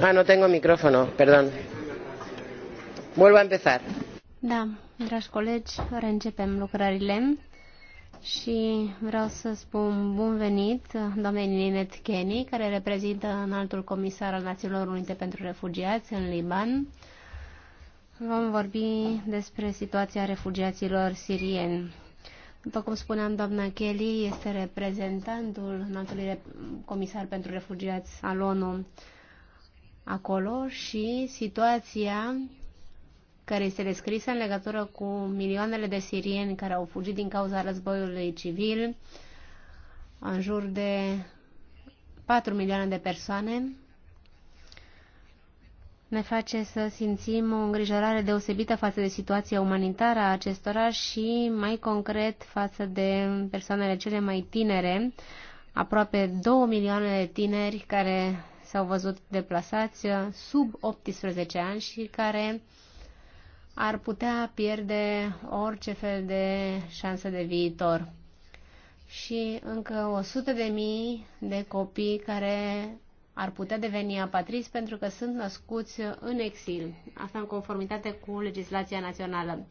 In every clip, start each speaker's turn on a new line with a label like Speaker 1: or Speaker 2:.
Speaker 1: Ah, no tengo micrófono, perdón. Vuelvo a empezar.
Speaker 2: Da, dragi colegi, reîncepem lucrările și vreau să spun bun venit doamnei Ninet Kenny, care reprezintă înaltul comisar al Națiunilor Unite pentru Refugiați în Liban. Vom vorbi despre situația refugiaților sirieni. După cum spuneam, doamna Kelly este reprezentantul înaltului comisar pentru refugiați al ONU acolo și situația care este descrisă în legătură cu milioanele de sirieni care au fugit din cauza războiului civil, în jur de 4 milioane de persoane, ne face să simțim o îngrijorare deosebită față de situația umanitară a acestora și mai concret față de persoanele cele mai tinere, aproape 2 milioane de tineri care s-au văzut deplasați uh, sub 18 ani și care ar putea pierde orice fel de șansă de viitor. Și încă 100 de mii de copii care ar putea deveni apatriți pentru că sunt născuți în exil. Asta în conformitate cu legislația națională.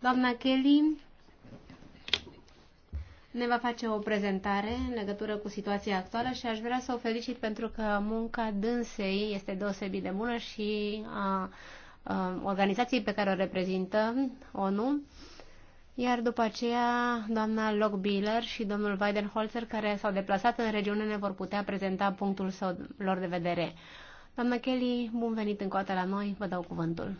Speaker 2: Doamna Kelly ne va face o prezentare în legătură cu situația actuală și aș vrea să o felicit pentru că munca dânsei este deosebit de bună și a, a organizației pe care o reprezintă ONU. Iar după aceea, doamna Lockbiller și domnul Weidenholzer, care s-au deplasat în regiune, ne vor putea prezenta punctul lor de vedere. Doamna Kelly, bun venit încă o dată la noi, vă dau cuvântul.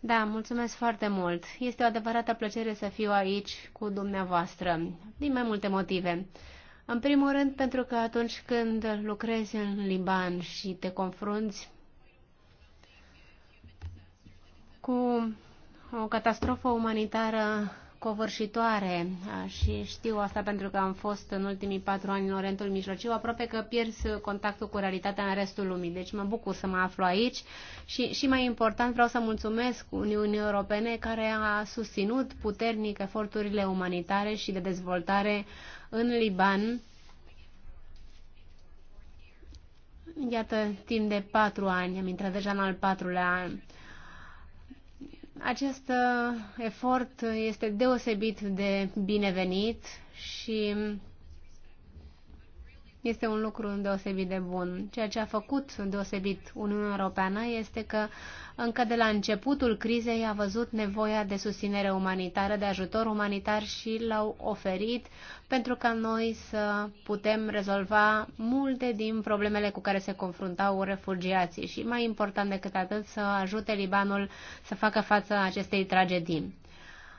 Speaker 2: Da, mulțumesc foarte mult. Este o adevărată plăcere să fiu aici cu dumneavoastră, din mai multe motive. În primul rând, pentru că atunci când lucrezi în Liban și te confrunți cu o catastrofă umanitară covârșitoare și știu asta pentru că am fost în ultimii patru ani în Orientul Mijlociu, aproape că pierd contactul cu realitatea în restul lumii. Deci mă bucur să mă aflu aici și, și mai important vreau să mulțumesc Uniunii Europene care a susținut puternic eforturile umanitare și de dezvoltare în Liban. Iată, timp de patru ani, am intrat deja în al patrulea an acest uh, efort este deosebit de binevenit și este un lucru deosebit de bun. Ceea ce a făcut deosebit Uniunea Europeană este că încă de la începutul crizei a văzut nevoia de susținere umanitară, de ajutor umanitar și l-au oferit pentru ca noi să putem rezolva multe din problemele cu care se confruntau refugiații și, mai important decât atât, să ajute Libanul să facă față acestei tragedii.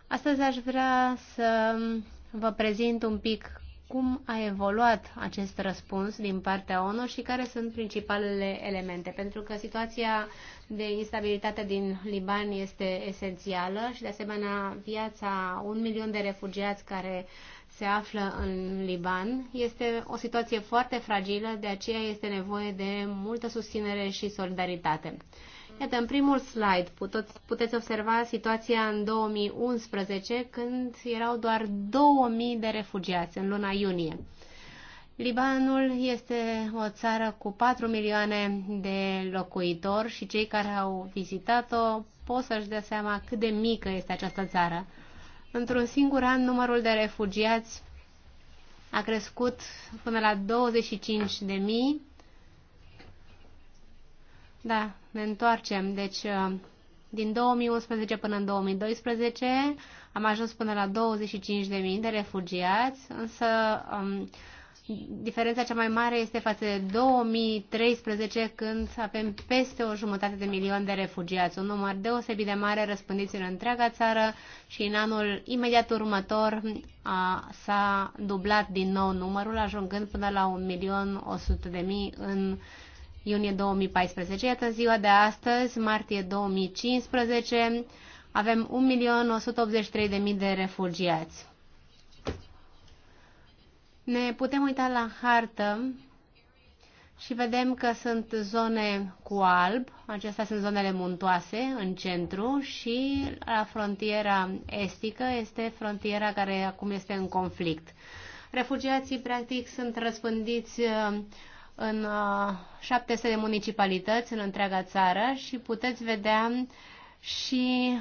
Speaker 2: Astăzi aș vrea să vă prezint un pic cum a evoluat acest răspuns din partea ONU și care sunt principalele elemente. Pentru că situația de instabilitate din Liban este esențială și, de asemenea, viața un milion de refugiați care se află în Liban este o situație foarte fragilă, de aceea este nevoie de multă susținere și solidaritate. Iată, în primul slide puteți, observa situația în 2011, când erau doar 2000 de refugiați în luna iunie. Libanul este o țară cu 4 milioane de locuitori și cei care au vizitat-o pot să-și dea seama cât de mică este această țară. Într-un singur an, numărul de refugiați a crescut până la 25 de mii da, ne întoarcem. Deci, uh, din 2011 până în 2012 am ajuns până la 25.000 de refugiați, însă um, diferența cea mai mare este față de 2013 când avem peste o jumătate de milion de refugiați, un număr deosebit de mare răspândiți în întreaga țară și în anul imediat următor s-a dublat din nou numărul, ajungând până la 1.100.000 în iunie 2014. Iată ziua de astăzi, martie 2015, avem 1.183.000 de refugiați. Ne putem uita la hartă și vedem că sunt zone cu alb, acestea sunt zonele muntoase în centru și la frontiera estică este frontiera care acum este în conflict. Refugiații practic sunt răspândiți în 700 uh, de municipalități în întreaga țară și puteți vedea și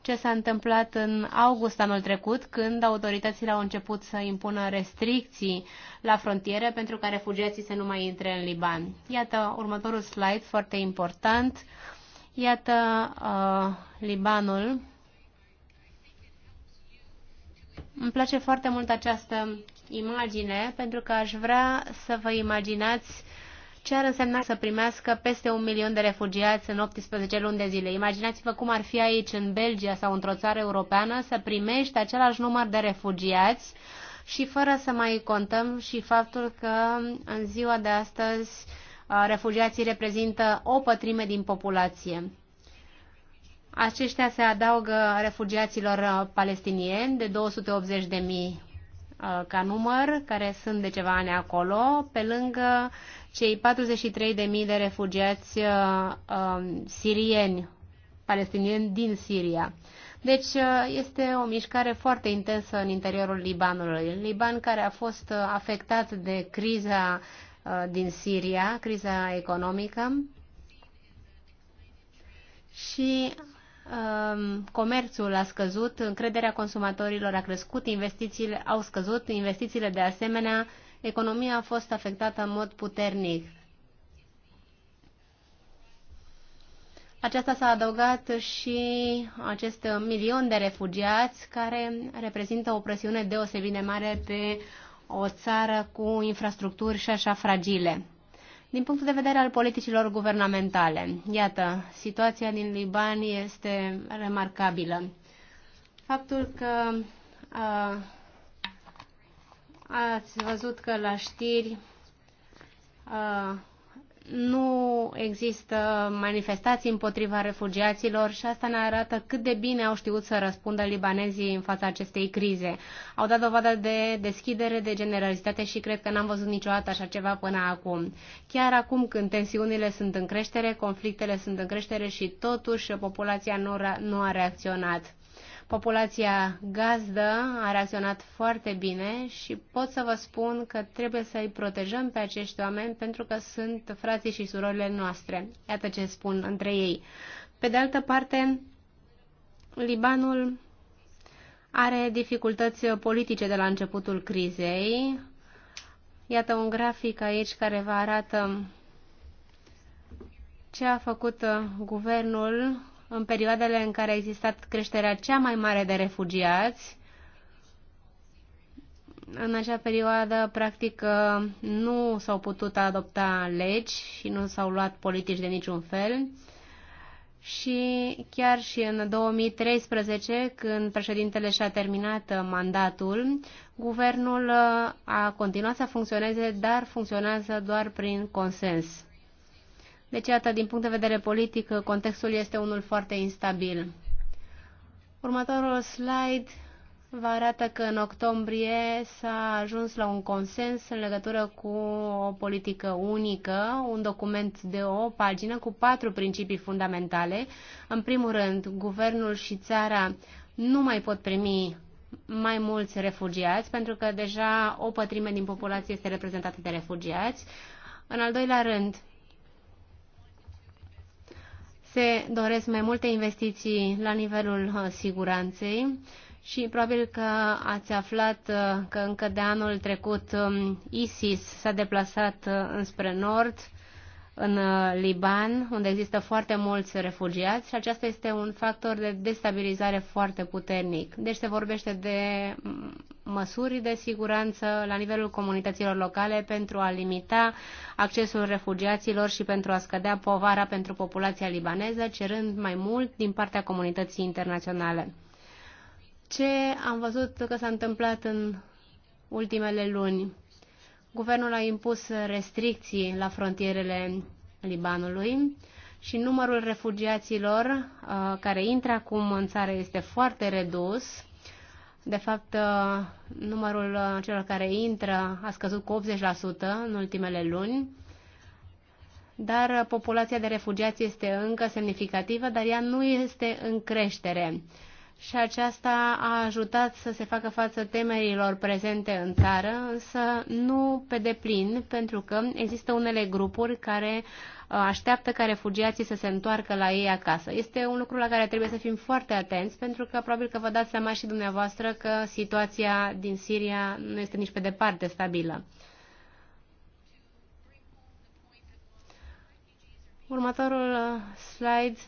Speaker 2: ce s-a întâmplat în august anul trecut, când autoritățile au început să impună restricții la frontiere pentru ca refugiații să nu mai intre în Liban. Iată următorul slide foarte important. Iată uh, Libanul. Îmi place foarte mult această imagine pentru că aș vrea să vă imaginați ce ar însemna să primească peste un milion de refugiați în 18 luni de zile. Imaginați-vă cum ar fi aici, în Belgia sau într-o țară europeană, să primești același număr de refugiați și fără să mai contăm și faptul că în ziua de astăzi refugiații reprezintă o pătrime din populație. Aceștia se adaugă refugiaților palestinieni de 280.000 Uh, ca număr, care sunt de ceva ani acolo, pe lângă cei 43.000 de refugiați uh, um, sirieni, palestinieni din Siria. Deci uh, este o mișcare foarte intensă în interiorul Libanului. Liban care a fost afectat de criza din Siria, criza economică, și Um, comerțul a scăzut, încrederea consumatorilor a crescut, investițiile au scăzut, investițiile de asemenea, economia a fost afectată în mod puternic. Aceasta s-a adăugat și acest milion de refugiați care reprezintă o presiune deosebit de mare pe o țară cu infrastructuri și așa fragile. Din punctul de vedere al politicilor guvernamentale, iată, situația din Liban este remarcabilă. Faptul că a, ați văzut că la știri a, nu există manifestații împotriva refugiaților și asta ne arată cât de bine au știut să răspundă libanezii în fața acestei crize. Au dat dovadă de deschidere, de generalitate și cred că n-am văzut niciodată așa ceva până acum. Chiar acum când tensiunile sunt în creștere, conflictele sunt în creștere și totuși populația nu, nu a reacționat. Populația gazdă a reacționat foarte bine și pot să vă spun că trebuie să îi protejăm pe acești oameni pentru că sunt frații și surorile noastre. Iată ce spun între ei. Pe de altă parte, Libanul are dificultăți politice de la începutul crizei. Iată un grafic aici care vă arată ce a făcut guvernul în perioadele în care a existat creșterea cea mai mare de refugiați, în acea perioadă, practic, nu s-au putut adopta legi și nu s-au luat politici de niciun fel. Și chiar și în 2013, când președintele și-a terminat mandatul, guvernul a continuat să funcționeze, dar funcționează doar prin consens. Deci, iată, din punct de vedere politic, contextul este unul foarte instabil. Următorul slide vă arată că în octombrie s-a ajuns la un consens în legătură cu o politică unică, un document de o pagină cu patru principii fundamentale. În primul rând, guvernul și țara nu mai pot primi mai mulți refugiați, pentru că deja o pătrime din populație este reprezentată de refugiați. În al doilea rând, se doresc mai multe investiții la nivelul uh, siguranței și probabil că ați aflat uh, că încă de anul trecut um, ISIS s-a deplasat uh, înspre nord în uh, Liban, unde există foarte mulți refugiați și aceasta este un factor de destabilizare foarte puternic. Deci se vorbește de mm, măsuri de siguranță la nivelul comunităților locale pentru a limita accesul refugiaților și pentru a scădea povara pentru populația libaneză, cerând mai mult din partea comunității internaționale. Ce am văzut că s-a întâmplat în ultimele luni? Guvernul a impus restricții la frontierele Libanului și numărul refugiaților uh, care intră acum în țară este foarte redus. De fapt, uh, numărul uh, celor care intră a scăzut cu 80% în ultimele luni, dar uh, populația de refugiați este încă semnificativă, dar ea nu este în creștere. Uh, și aceasta a ajutat să se facă față temerilor prezente în țară, însă nu pe deplin, pentru că există unele grupuri care uh, așteaptă ca refugiații să se întoarcă la ei acasă. Este un lucru la care trebuie să fim foarte atenți, pentru că probabil că vă dați seama și dumneavoastră că situația din Siria nu este nici pe departe stabilă. Următorul uh, slide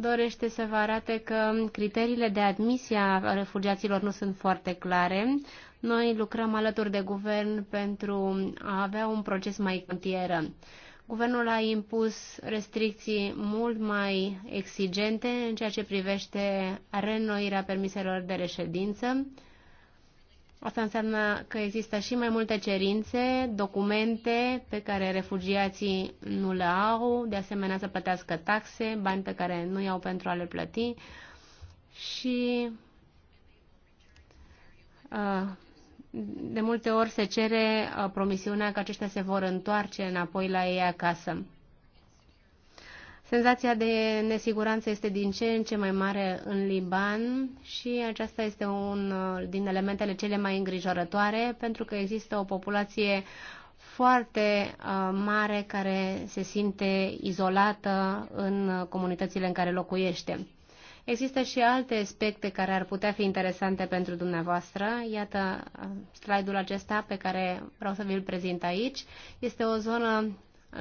Speaker 2: dorește să vă arate că criteriile de admisie a refugiaților nu sunt foarte clare. Noi lucrăm alături de guvern pentru a avea un proces mai contieră. Guvernul a impus restricții mult mai exigente în ceea ce privește reînnoirea permiselor de reședință, Asta înseamnă că există și mai multe cerințe, documente pe care refugiații nu le au, de asemenea să plătească taxe, bani pe care nu iau pentru a le plăti și uh, de multe ori se cere uh, promisiunea că aceștia se vor întoarce înapoi la ei acasă. Senzația de nesiguranță este din ce în ce mai mare în Liban și aceasta este un uh, din elementele cele mai îngrijorătoare pentru că există o populație foarte uh, mare care se simte izolată în comunitățile în care locuiește. Există și alte aspecte care ar putea fi interesante pentru dumneavoastră. Iată uh, slide-ul acesta pe care vreau să vi-l prezint aici. Este o zonă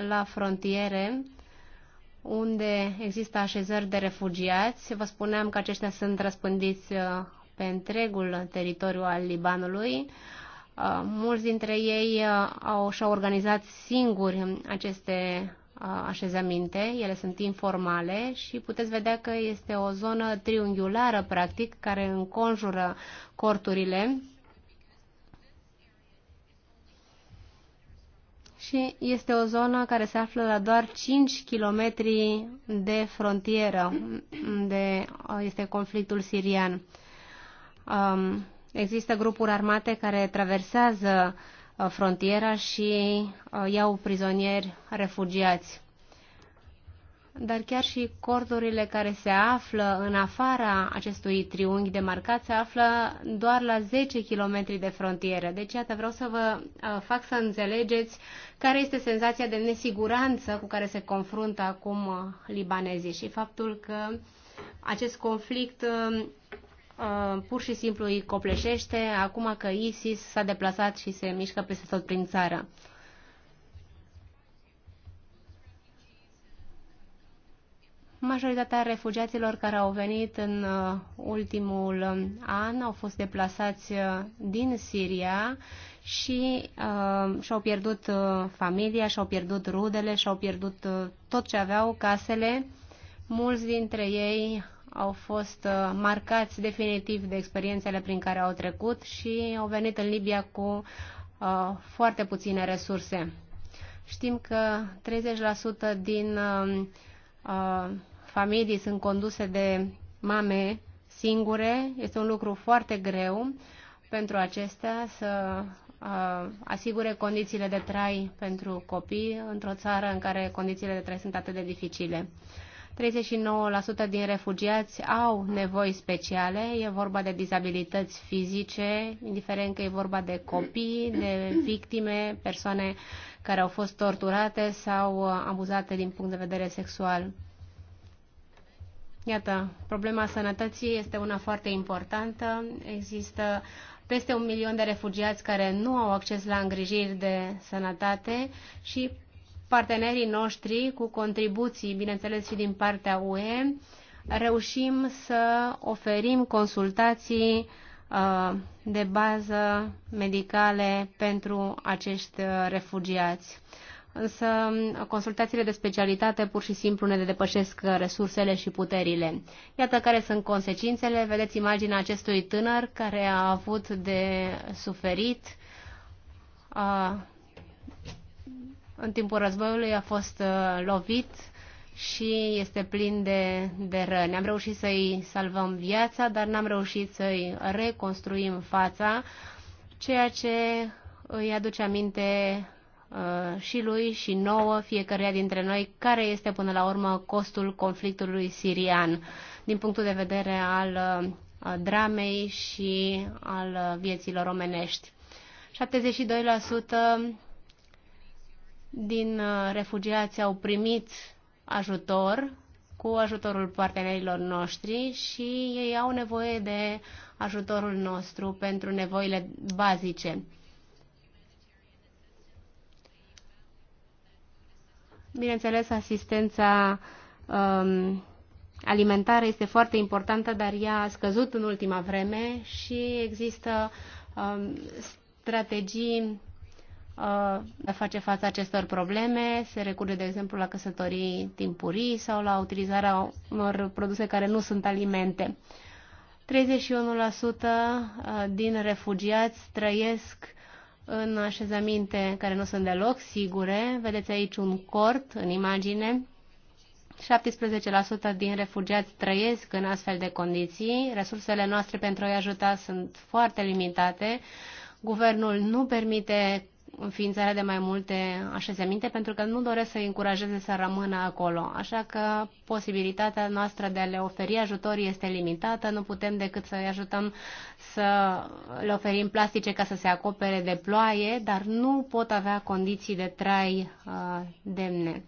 Speaker 2: la frontiere unde există așezări de refugiați. Vă spuneam că aceștia sunt răspândiți uh, pe întregul teritoriu al Libanului. Uh, mulți dintre ei uh, au, și-au organizat singuri aceste așezăminte, ele sunt informale și puteți vedea că este o zonă triunghiulară, practic, care înconjură corturile și este o zonă care se află la doar 5 km de frontieră, unde uh, este conflictul sirian. Um, există grupuri armate care traversează uh, frontiera și uh, iau prizonieri refugiați dar chiar și cordurile care se află în afara acestui triunghi demarcat se află doar la 10 km de frontieră. Deci, iată, vreau să vă uh, fac să înțelegeți care este senzația de nesiguranță cu care se confruntă acum uh, libanezii și faptul că acest conflict uh, pur și simplu îi copleșește acum că ISIS s-a deplasat și se mișcă peste tot prin țară. Majoritatea refugiaților care au venit în uh, ultimul um, an au fost deplasați uh, din Siria și uh, și-au pierdut uh, familia, și-au pierdut rudele, și-au pierdut tot ce aveau, casele. Mulți dintre ei au fost marcați definitiv de experiențele prin care au trecut și au venit în Libia cu uh, foarte puține resurse. Știm că 30% din uh, familii sunt conduse de mame singure. Este un lucru foarte greu pentru acestea să asigure condițiile de trai pentru copii într-o țară în care condițiile de trai sunt atât de dificile. 39% din refugiați au nevoi speciale, e vorba de dizabilități fizice, indiferent că e vorba de copii, de victime, persoane care au fost torturate sau abuzate din punct de vedere sexual. Iată, problema sănătății este una foarte importantă. Există peste un milion de refugiați care nu au acces la îngrijiri de sănătate și partenerii noștri, cu contribuții, bineînțeles, și din partea UE, reușim să oferim consultații uh, de bază medicale pentru acești uh, refugiați. Însă consultațiile de specialitate pur și simplu ne depășesc uh, resursele și puterile. Iată care sunt consecințele. Vedeți imaginea acestui tânăr care a avut de suferit în timpul războiului a fost uh, lovit și este plin de, de răni. Am reușit să-i salvăm viața, dar n-am reușit să-i reconstruim fața, ceea ce îi aduce aminte uh, și lui și nouă, fiecăruia dintre noi, care este până la urmă costul conflictului sirian din punctul de vedere al uh, dramei și al uh, vieților omenești. 72% din uh, refugiați au primit ajutor cu ajutorul partenerilor noștri și ei au nevoie de ajutorul nostru pentru nevoile bazice. Bineînțeles, asistența um, alimentară este foarte importantă, dar ea a scăzut în ultima vreme și există um, strategii a uh, face față acestor probleme, se recurge, de exemplu, la căsătorii timpurii sau la utilizarea unor produse care nu sunt alimente. 31% uh, din refugiați trăiesc în așezaminte care nu sunt deloc sigure. Vedeți aici un cort în imagine. 17% din refugiați trăiesc în astfel de condiții. Resursele noastre pentru a-i ajuta sunt foarte limitate. Guvernul nu permite înființarea de mai multe așezăminte pentru că nu doresc să încurajeze să rămână acolo. Așa că posibilitatea noastră de a le oferi ajutor este limitată, nu putem decât să i ajutăm să le oferim plastice ca să se acopere de ploaie, dar nu pot avea condiții de trai uh, demne.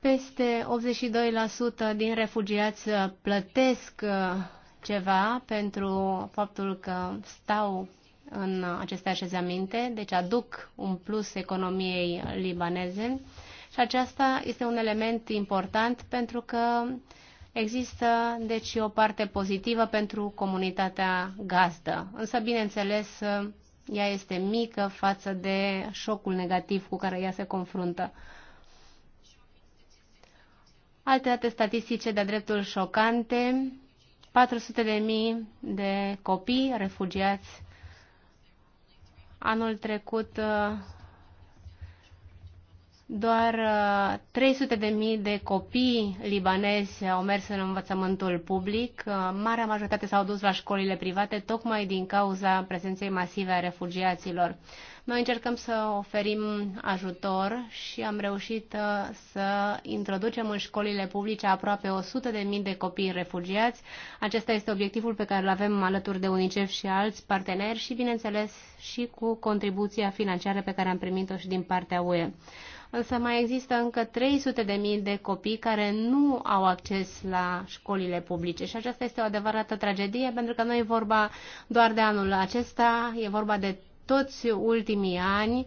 Speaker 2: Peste 82% din refugiați plătesc uh, ceva pentru faptul că stau în aceste așezaminte, deci aduc un plus economiei libaneze și aceasta este un element important pentru că există deci o parte pozitivă pentru comunitatea gazdă. Însă, bineînțeles, ea este mică față de șocul negativ cu care ea se confruntă. Alte date statistice de-a dreptul șocante, 400.000 de copii refugiați Anul trecut uh, doar 300 uh, de mii de copii libanezi au mers în învățământul public. Uh, marea majoritate s-au dus la școlile private tocmai din cauza prezenței masive a refugiaților. Noi încercăm să oferim ajutor și am reușit uh, să introducem în școlile publice aproape 100.000 de copii refugiați. Acesta este obiectivul pe care îl avem alături de UNICEF și alți parteneri și, bineînțeles, și cu contribuția financiară pe care am primit-o și din partea UE însă mai există încă 300.000 de, de copii care nu au acces la școlile publice și aceasta este o adevărată tragedie pentru că nu e vorba doar de anul acesta, e vorba de toți ultimii ani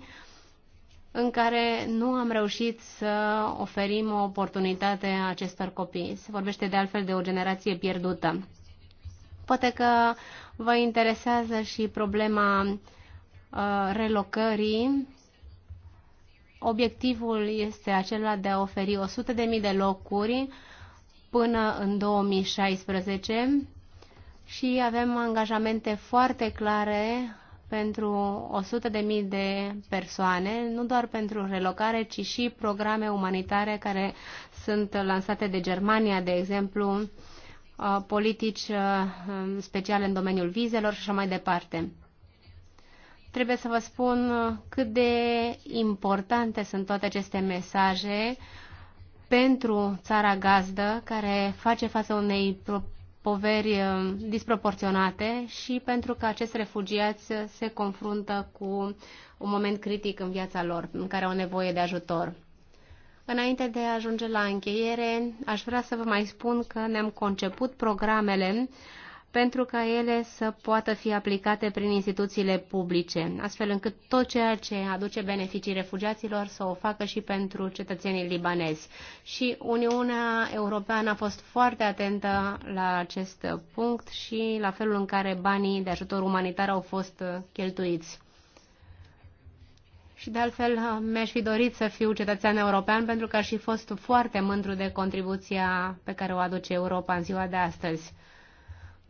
Speaker 2: în care nu am reușit să oferim o oportunitate acestor copii. Se vorbește de altfel de o generație pierdută. Poate că vă interesează și problema uh, relocării. Obiectivul este acela de a oferi 100.000 de locuri până în 2016 și avem angajamente foarte clare pentru 100.000 de persoane, nu doar pentru relocare, ci și programe umanitare care sunt lansate de Germania, de exemplu, uh, politici uh, speciale în domeniul vizelor și așa mai departe. Trebuie să vă spun uh, cât de importante sunt toate aceste mesaje pentru țara gazdă care face față unei poveri uh, disproporționate și pentru că acești refugiați se confruntă cu un moment critic în viața lor, în care au nevoie de ajutor. Înainte de a ajunge la încheiere, aș vrea să vă mai spun că ne-am conceput programele uh, pentru ca ele să poată fi aplicate prin instituțiile publice, astfel încât tot ceea ce aduce beneficii refugiaților să o facă și pentru cetățenii libanezi. Și Uniunea Europeană a fost foarte atentă la acest punct și la felul în care banii de ajutor umanitar au fost cheltuiți. Și de altfel mi-aș fi dorit să fiu cetățean european pentru că aș fi fost foarte mândru de contribuția pe care o aduce Europa în ziua de astăzi.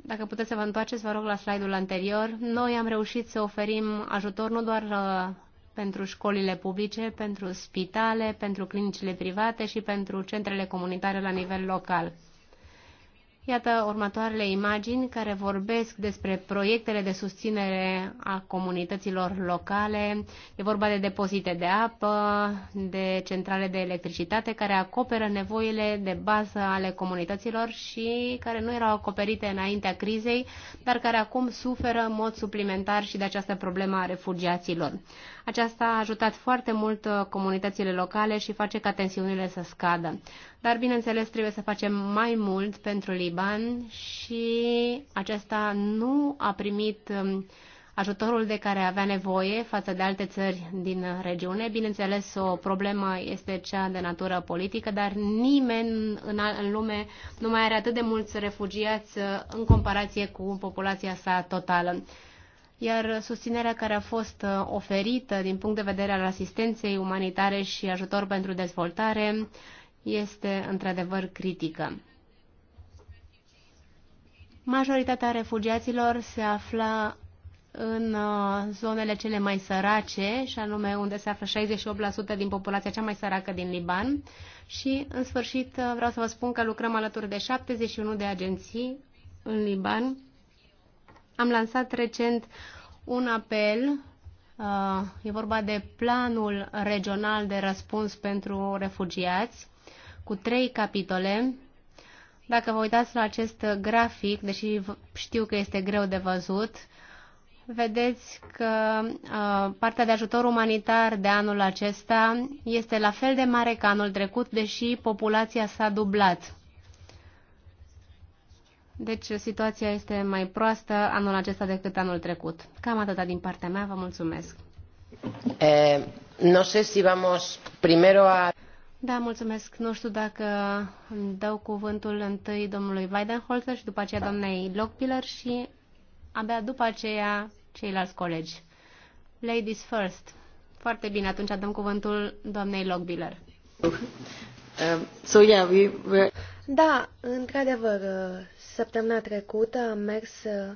Speaker 2: Dacă puteți să vă întoarceți, vă rog, la slide-ul anterior. Noi am reușit să oferim ajutor nu doar uh, pentru școlile publice, pentru spitale, pentru clinicile private și pentru centrele comunitare la nivel local. Iată următoarele imagini care vorbesc despre proiectele de susținere a comunităților locale. E vorba de depozite de apă, de centrale de electricitate care acoperă nevoile de bază ale comunităților și care nu erau acoperite înaintea crizei, dar care acum suferă în mod suplimentar și de această problemă a refugiaților. Aceasta a ajutat foarte mult uh, comunitățile locale și face ca tensiunile să scadă. Dar, bineînțeles, trebuie să facem mai mult pentru Liban și acesta nu a primit um, ajutorul de care avea nevoie față de alte țări din regiune. Bineînțeles, o problemă este cea de natură politică, dar nimeni în, în lume nu mai are atât de mulți refugiați uh, în comparație cu populația sa totală iar susținerea care a fost uh, oferită din punct de vedere al asistenței umanitare și ajutor pentru dezvoltare este într-adevăr critică. Majoritatea refugiaților se afla în uh, zonele cele mai sărace, și anume unde se află 68% din populația cea mai săracă din Liban. Și, în sfârșit, uh, vreau să vă spun că lucrăm alături de 71 de agenții în Liban am lansat recent un apel, uh, e vorba de planul regional de răspuns pentru refugiați, cu trei capitole. Dacă vă uitați la acest grafic, deși știu că este greu de văzut, vedeți că uh, partea de ajutor umanitar de anul acesta este la fel de mare ca anul trecut, deși populația s-a dublat. Deci situația este mai proastă anul acesta decât anul trecut. Cam atâta din partea mea, vă mulțumesc.
Speaker 1: Nu știu dacă si vamos primero a... Da, mulțumesc. Nu știu dacă
Speaker 2: îmi dau cuvântul întâi domnului Weidenholzer și după aceea da. doamnei Lockpiller și abia după aceea ceilalți colegi. Ladies first. Foarte bine, atunci dăm cuvântul doamnei Lockbiller. Um,
Speaker 1: eh, so yeah, we
Speaker 2: were...
Speaker 3: Da, într-adevăr, Săptămâna trecută am mers uh,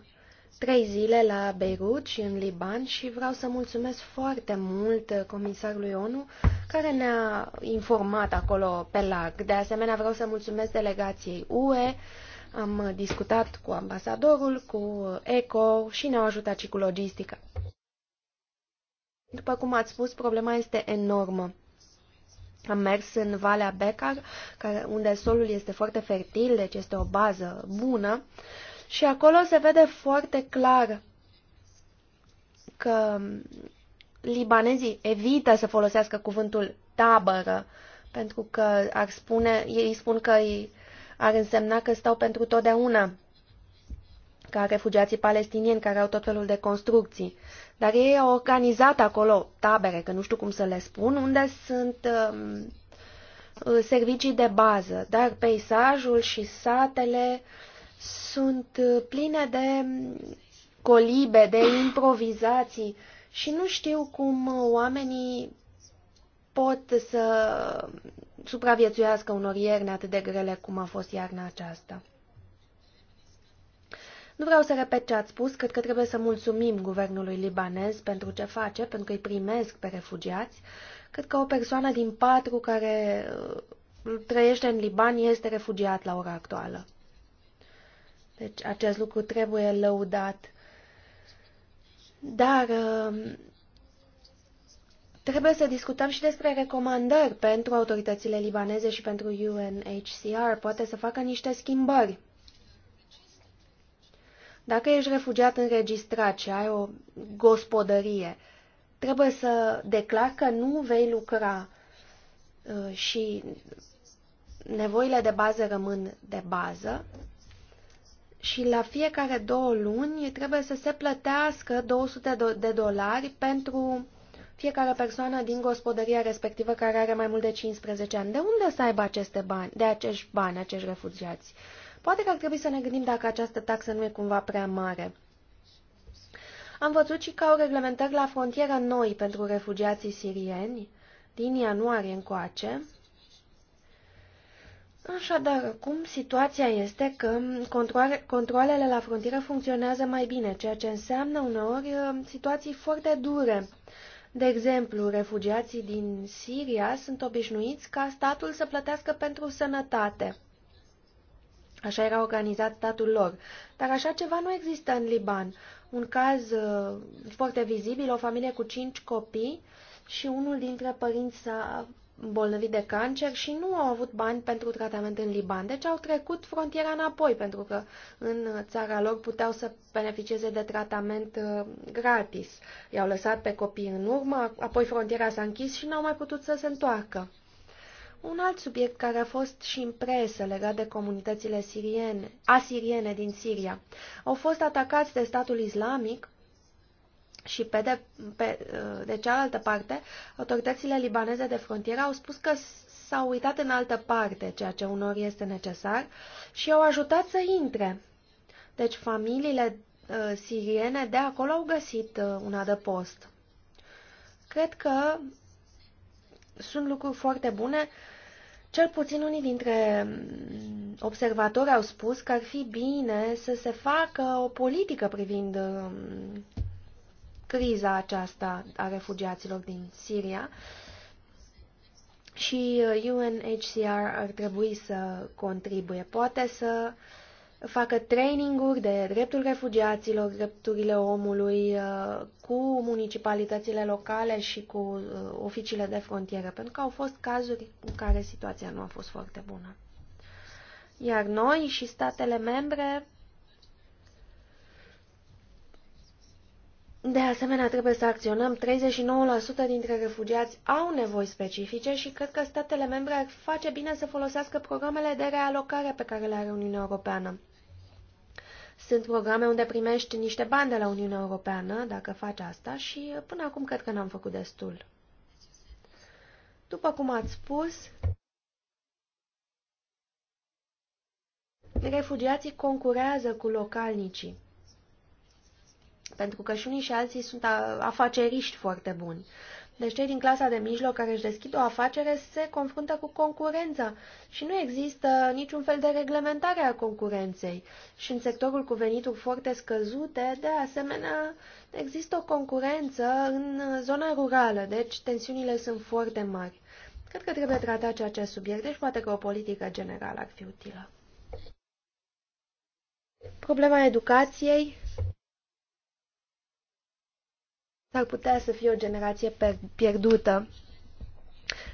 Speaker 3: trei zile la Beirut și în Liban și vreau să mulțumesc foarte mult uh, comisarului ONU care ne-a informat acolo pe larg. De asemenea, vreau să mulțumesc delegației UE. Am uh, discutat cu ambasadorul, cu ECO și ne-au ajutat și cu logistica. După cum ați spus, problema este enormă. Am mers în Valea Becar, care, unde solul este foarte fertil, deci este o bază bună. Și acolo se vede foarte clar că libanezii evită să folosească cuvântul tabără, pentru că ar spune, ei spun că ar însemna că stau pentru totdeauna ca refugiații palestinieni care au tot felul de construcții. Dar ei au organizat acolo tabere, că nu știu cum să le spun, unde sunt uh, servicii de bază, dar peisajul și satele sunt uh, pline de um, colibe, de improvizații și nu știu cum uh, oamenii pot să um, supraviețuiască unor ierni atât de grele cum a fost iarna aceasta. Nu vreau să repet ce ați spus, cred că trebuie să mulțumim guvernului libanez pentru ce face, pentru că îi primesc pe refugiați. Cred că o persoană din patru care uh, trăiește în Liban este refugiat la ora actuală. Deci acest lucru trebuie lăudat. Dar uh, trebuie să discutăm și despre recomandări pentru autoritățile libaneze și pentru UNHCR. Poate să facă niște schimbări dacă ești refugiat înregistrat și ai o gospodărie, trebuie să declar că nu vei lucra uh, și nevoile de bază rămân de bază și la fiecare două luni trebuie să se plătească 200 de dolari pentru fiecare persoană din gospodăria respectivă care are mai mult de 15 ani. De unde să aibă aceste bani, de acești bani, acești refugiați? Uh, Poate că ar trebui să ne gândim dacă această taxă nu e cumva prea mare. Am văzut și că au reglementări la frontieră noi pentru refugiații sirieni, din ianuarie încoace. Așadar, acum situația este că controlele la frontieră funcționează mai bine, ceea ce înseamnă uneori uh, situații foarte dure. De exemplu, refugiații din Siria sunt obișnuiți ca statul să plătească pentru sănătate. Așa era organizat statul lor. Dar așa ceva nu există în Liban. Un caz uh, foarte vizibil, o familie cu cinci copii și unul dintre părinți s-a bolnăvit de cancer și nu au avut bani pentru tratament în Liban. Deci au trecut frontiera înapoi, pentru că în țara lor puteau să beneficieze de tratament uh, gratis. I-au lăsat pe copii în urmă, apoi frontiera s-a închis și n-au mai putut să se întoarcă. Un alt subiect care a fost și în presă legat de comunitățile siriene, asiriene din Siria. Au fost atacați de statul islamic și pe de, pe, de cealaltă parte, autoritățile libaneze de frontieră au spus că s-au uitat în altă parte, ceea ce unor este necesar, și au ajutat să intre. Deci familiile uh, siriene de acolo au găsit uh, un adăpost. Cred că sunt lucruri foarte bune. Cel puțin unii dintre mm, observatori au spus că ar fi bine să se facă o politică privind mm, criza aceasta a refugiaților din Siria și UNHCR uh, ar trebui să contribuie. Poate să uh, facă traininguri de dreptul refugiaților, drepturile omului uh, cu municipalitățile locale și cu uh, oficiile de frontieră, pentru că au fost cazuri în care situația nu a fost foarte bună. Iar noi și statele membre, de asemenea, trebuie să acționăm. 39% dintre refugiați au nevoi specifice și cred că statele membre ar face bine să folosească programele de realocare pe care le are Uniunea Europeană. Sunt programe unde primești niște bani de la Uniunea Europeană, dacă faci asta, și până acum cred că n-am făcut destul. După cum ați spus, refugiații concurează cu localnicii, pentru că și unii și alții sunt afaceriști foarte buni. Deci cei din clasa de mijloc care își deschid o afacere se confruntă cu concurența și nu există niciun fel de reglementare a concurenței. Și în sectorul cu venituri foarte scăzute, de asemenea, există o concurență în zona rurală, deci tensiunile sunt foarte mari. Cred că trebuie tratat și acest subiect, deci poate că o politică generală ar fi utilă. Problema educației S-ar putea să fie o generație pierdută.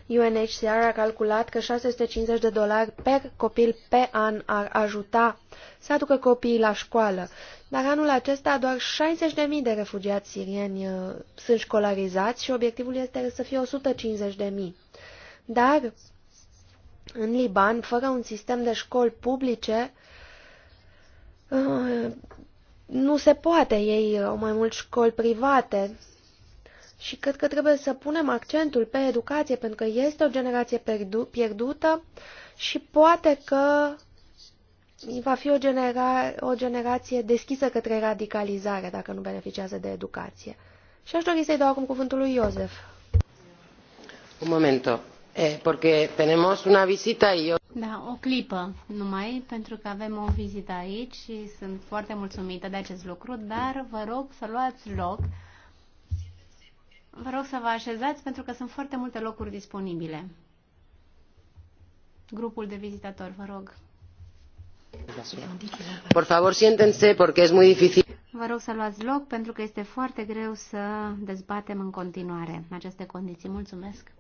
Speaker 3: UNHCR a calculat că 650 de dolari per copil pe an ar ajuta să aducă copiii la școală, dar anul acesta doar 60.000 de refugiați sirieni uh, sunt școlarizați și obiectivul este să fie 150.000. Dar în Liban, fără un sistem de școli publice, uh, nu se poate, ei uh, au mai mult școli private și cred că trebuie să punem accentul pe educație, pentru că este o generație pierdută și poate că va fi o, genera o generație deschisă către radicalizare dacă nu beneficiază de educație. Și aș dori să-i dau acum cuvântul lui Iosef.
Speaker 1: Un moment. Eh, porque tenemos una visita y yo...
Speaker 3: Da, o
Speaker 2: clipă numai, pentru că avem o vizită aici și sunt foarte mulțumită de acest lucru, dar vă rog să luați loc. Vă rog să vă așezați pentru că sunt foarte multe locuri disponibile. Grupul de vizitatori, vă
Speaker 1: rog. Por favor, siéntense porque es muy difícil.
Speaker 2: Vă rog să luați loc pentru că este foarte greu să dezbatem în continuare aceste condiții. Mulțumesc.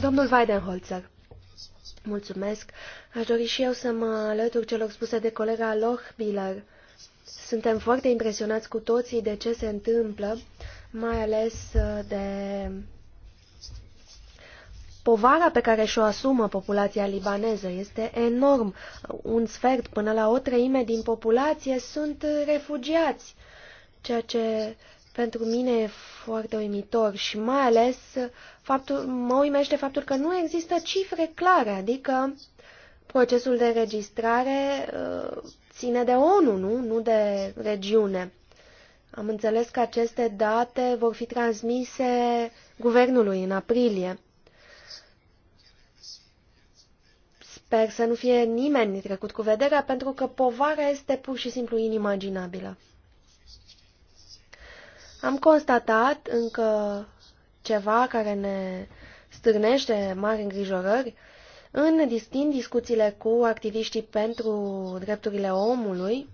Speaker 3: Domnul Weidenholzer, mulțumesc. Aș dori și eu să mă alătur celor spuse de colega Lochbiller. Suntem foarte impresionați cu toții de ce se întâmplă, mai ales uh, de povara pe care și-o asumă populația libaneză este enorm. Un sfert până la o treime din populație sunt refugiați, ceea ce pentru mine e foarte uimitor și mai ales faptul, mă uimește faptul că nu există cifre clare, adică procesul de registrare uh, ține de ONU, nu, nu de regiune. Am înțeles că aceste date vor fi transmise guvernului în aprilie. Sper să nu fie nimeni trecut cu vederea, pentru că povara este pur și simplu inimaginabilă. Am constatat încă ceva care ne stârnește mari îngrijorări în distin discuțiile cu activiștii pentru drepturile omului.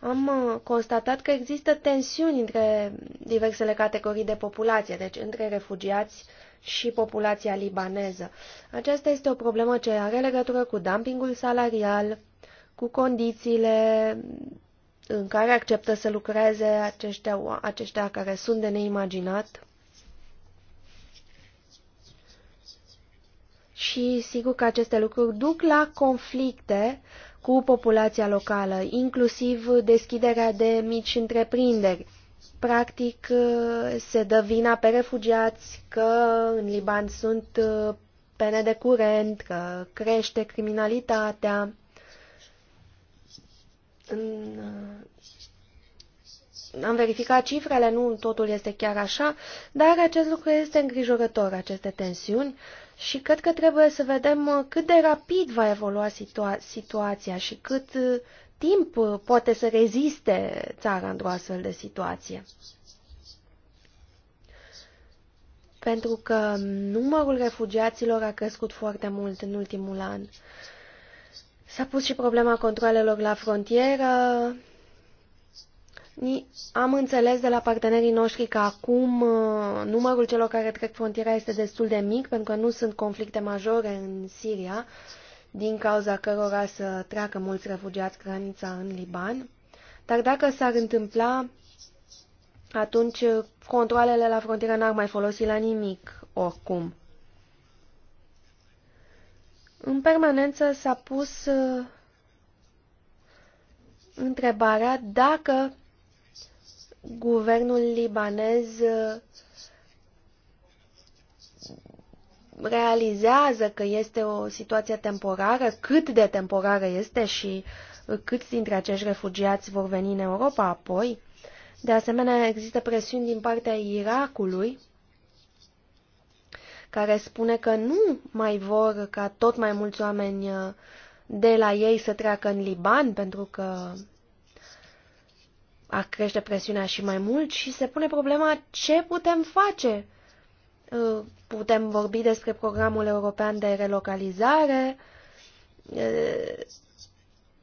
Speaker 3: Am uh, constatat că există tensiuni între diversele categorii de populație, deci între refugiați și populația libaneză. Aceasta este o problemă ce are legătură cu dumpingul salarial, cu condițiile în care acceptă să lucreze aceștia, aceștia care sunt de neimaginat. Și sigur că aceste lucruri duc la conflicte cu populația locală, inclusiv deschiderea de mici întreprinderi Practic, uh, se dă vina pe refugiați că în Liban sunt uh, pene de curent, că crește criminalitatea. În... Uh, am verificat cifrele, nu totul este chiar așa, dar acest lucru este îngrijorător, aceste tensiuni, și cred că trebuie să vedem cât de rapid va evolua situa situația și cât timp uh, poate să reziste țara într-o astfel de situație. Pentru că numărul refugiaților a crescut foarte mult în ultimul an. S-a pus și problema controlelor la frontieră. Am înțeles de la partenerii noștri că acum uh, numărul celor care trec frontiera este destul de mic, pentru că nu sunt conflicte majore în Siria din cauza cărora să treacă mulți refugiați granița în Liban. Dar dacă s-ar întâmpla, atunci controlele la frontieră n-ar mai folosi la nimic, oricum. În permanență s-a pus uh, întrebarea dacă guvernul libanez uh, realizează că este o situație temporară, cât de temporară este și câți dintre acești refugiați vor veni în Europa apoi. De asemenea, există presiuni din partea Irakului care spune că nu mai vor ca tot mai mulți oameni uh, de la ei să treacă în Liban pentru că a crește presiunea și mai mult și se pune problema ce putem face uh, Putem vorbi despre programul european de relocalizare,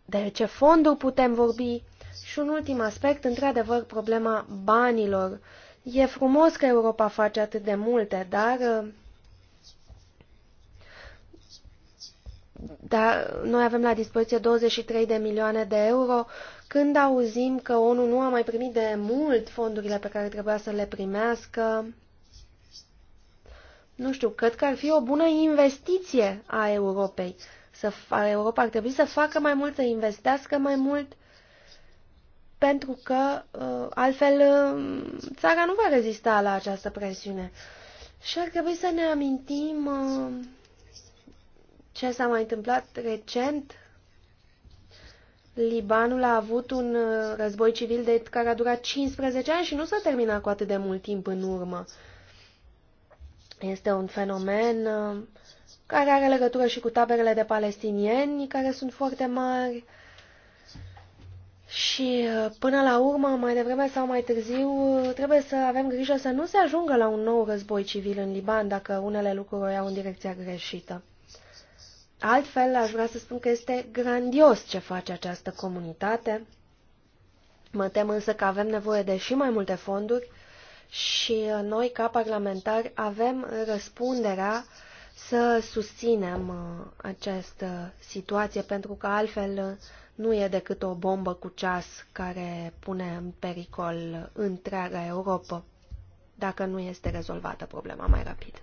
Speaker 3: de ce fonduri putem vorbi. Și un ultim aspect, într-adevăr, problema banilor. E frumos că Europa face atât de multe, dar, dar noi avem la dispoziție 23 de milioane de euro. Când auzim că ONU nu a mai primit de mult fondurile pe care trebuia să le primească, nu știu, cred că ar fi o bună investiție a Europei. Să, a Europa ar trebui să facă mai mult, să investească mai mult, pentru că uh, altfel uh, țara nu va rezista la această presiune. Și ar trebui să ne amintim uh, ce s-a mai întâmplat recent. Libanul a avut un uh, război civil de care a durat 15 ani și nu s-a terminat cu atât de mult timp în urmă. Este un fenomen uh, care are legătură și cu taberele de palestinieni, care sunt foarte mari. Și uh, până la urmă, mai devreme sau mai târziu, uh, trebuie să avem grijă să nu se ajungă la un nou război civil în Liban, dacă unele lucruri o iau în direcția greșită. Altfel, aș vrea să spun că este grandios ce face această comunitate. Mă tem însă că avem nevoie de și mai multe fonduri și uh, noi, ca parlamentari, avem răspunderea să susținem uh, această situație, pentru că altfel uh, nu e decât o bombă cu ceas care pune în pericol întreaga Europa, dacă nu este rezolvată problema mai rapid.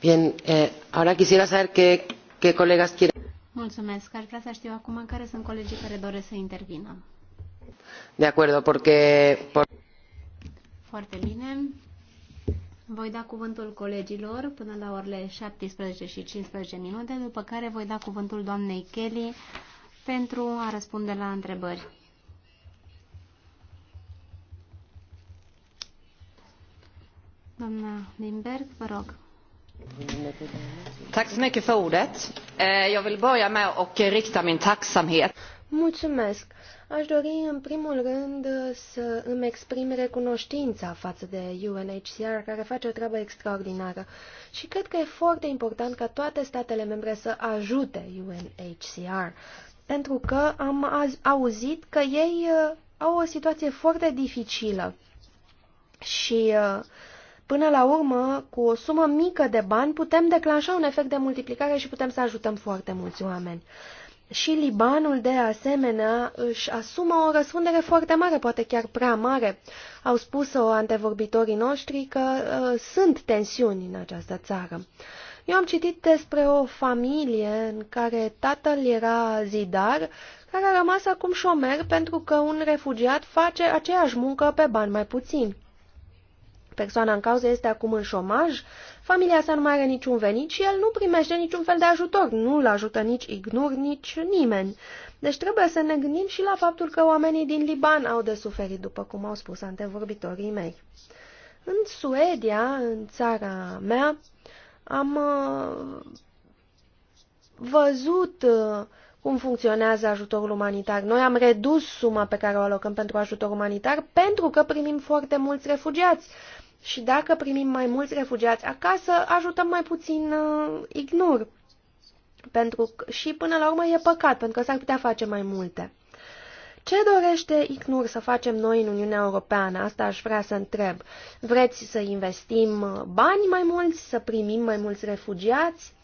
Speaker 1: Bien, eh, ahora quisiera saber qué, qué colegas quieren.
Speaker 3: Mulțumesc. Aș vrea să știu acum care sunt colegii care
Speaker 2: doresc să intervină.
Speaker 1: De acuerdo, porque... Por...
Speaker 2: Foarte bine. Voi da cuvântul colegilor până la orele 17 și 15 minute, după care voi da cuvântul doamnei Kelly pentru a răspunde la întrebări.
Speaker 3: Doamna Lindberg, vă rog. Tack så mycket för ordet. Eh, jag vill börja med att rikta min tacksamhet. Mulțumesc! Aș dori în primul rând să îmi exprim recunoștința față de UNHCR, care face o treabă extraordinară. Și cred că e foarte important ca toate statele membre să ajute UNHCR, pentru că am auzit că ei uh, au o situație foarte dificilă și uh, până la urmă, cu o sumă mică de bani, putem declanșa un efect de multiplicare și putem să ajutăm foarte mulți oameni. Și Libanul, de asemenea, își asumă o răspundere foarte mare, poate chiar prea mare. Au spus-o antevorbitorii noștri că uh, sunt tensiuni în această țară. Eu am citit despre o familie în care tatăl era zidar, care a rămas acum șomer pentru că un refugiat face aceeași muncă pe bani mai puțini. Persoana în cauză este acum în șomaj, familia sa nu mai are niciun venit și el nu primește niciun fel de ajutor, nu-l ajută nici ignor, nici nimeni. Deci trebuie să ne gândim și la faptul că oamenii din Liban au de suferit, după cum au spus antevorbitorii mei. În Suedia, în țara mea, am uh, văzut uh, cum funcționează ajutorul umanitar. Noi am redus suma pe care o alocăm pentru ajutor umanitar pentru că primim foarte mulți refugiați. Și dacă primim mai mulți refugiați acasă, ajutăm mai puțin uh, ignor. Pentru că, și până la urmă e păcat, pentru că s-ar putea face mai multe. Ce dorește ICNUR să facem noi în Uniunea Europeană? Asta aș vrea să întreb. Vreți să investim uh, bani mai mulți, să primim mai mulți refugiați?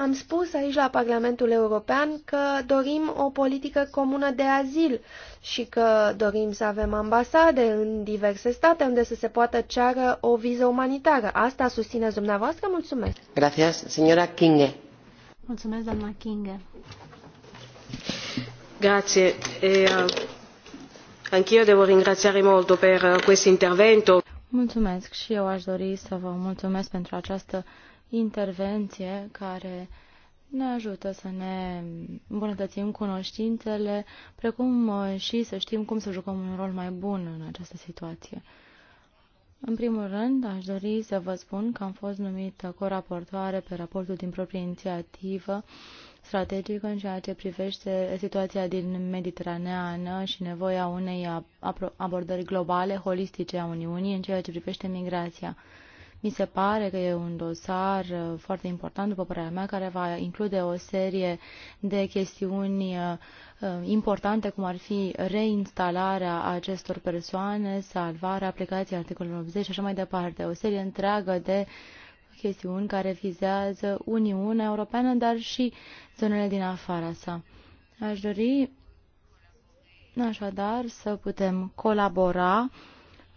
Speaker 3: Am spus aici la Parlamentul European că dorim o politică comună de azil și că dorim să avem ambasade în diverse state unde să se poată ceară o viză umanitară. Asta susțineți dumneavoastră? Mulțumesc!
Speaker 1: Gracias, señora Kinge.
Speaker 2: Mulțumesc, doamna
Speaker 3: Kinge.
Speaker 1: Grazie. E, uh, anch'io devo ringraziare molto per uh, questo intervento.
Speaker 4: Mulțumesc și eu aș dori să vă mulțumesc pentru această intervenție care ne ajută să ne îmbunătățim cunoștințele, precum uh, și să știm cum să jucăm un rol mai bun în această situație. În primul rând, aș dori să vă spun că am fost numită coraportoare pe raportul din proprie inițiativă strategică în ceea ce privește situația din Mediteraneană și nevoia unei abordări globale, holistice a Uniunii în ceea ce privește migrația. Mi se pare că e un dosar uh, foarte important, după părerea mea, care va include o serie de chestiuni uh, uh, importante, cum ar fi reinstalarea acestor persoane, salvarea aplicației articolului 80 și așa mai departe. O serie întreagă de chestiuni care vizează Uniunea Europeană, dar și zonele din afara sa. Aș dori așadar să putem colabora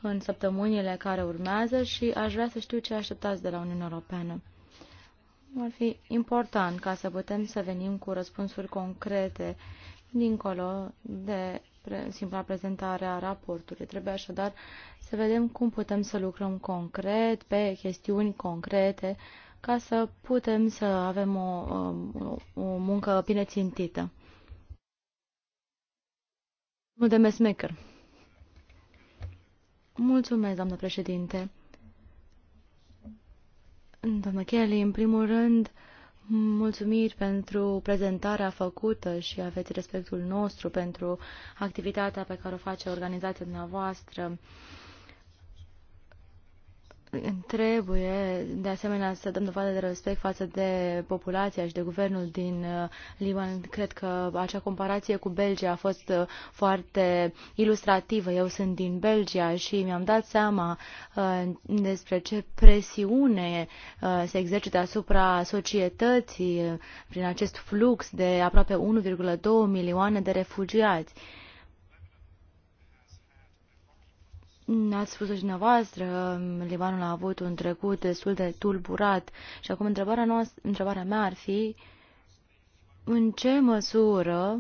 Speaker 4: în săptămânile care urmează și aș vrea să știu ce așteptați de la Uniunea Europeană. Ar fi important ca să putem să venim cu răspunsuri concrete dincolo de simpla prezentare a raportului. Trebuie așadar să vedem cum putem să lucrăm concret, pe chestiuni concrete, ca să putem să avem o, o, um, o muncă bine țintită. Mulțumesc, Maker. Mulțumesc, doamnă președinte. Doamnă Kelly, în primul rând, mulțumiri pentru prezentarea făcută și aveți respectul nostru pentru activitatea pe care o face organizația dumneavoastră. Trebuie, de asemenea, să dăm dovadă de respect față de populația și de guvernul din uh, Liban. Cred că acea comparație cu Belgia a fost uh, foarte ilustrativă. Eu sunt din Belgia și mi-am dat seama uh, despre ce presiune se exercită asupra societății prin acest flux de aproape 1,2 milioane de refugiați. Ați spus-o și dumneavoastră, Libanul a avut un trecut destul de tulburat și acum întrebarea, noastră, întrebarea mea ar fi în ce măsură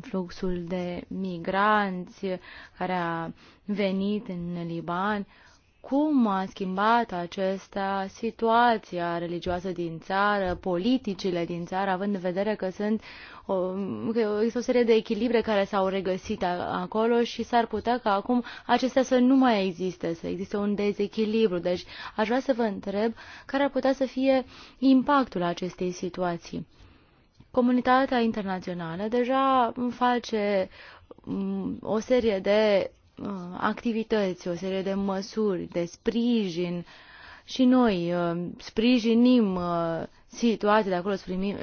Speaker 4: fluxul de migranți care a venit în Liban cum a schimbat acesta situația religioasă din țară, politicile din țară, având în vedere că sunt o, că există o serie de echilibre care s-au regăsit acolo și s-ar putea ca acum acestea să nu mai existe, să existe un dezechilibru. Deci aș vrea să vă întreb care ar putea să fie impactul acestei situații. Comunitatea internațională deja face o serie de Uh, activități, o serie de măsuri, de sprijin și noi uh, sprijinim uh, situația de acolo,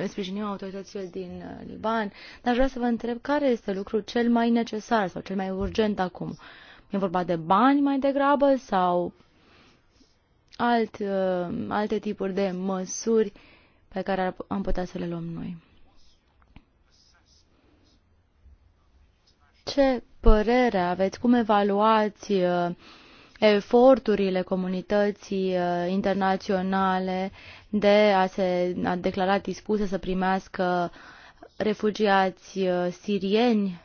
Speaker 4: sprijinim autoritățile din Liban, dar vreau să vă întreb care este lucrul cel mai necesar sau cel mai urgent acum. E vorba de bani mai degrabă sau alt, alte tipuri de măsuri pe care am putea să le luăm noi. Ce părere aveți, cum evaluați uh, eforturile comunității uh, internaționale de a se a declara dispuse să primească refugiați uh, sirieni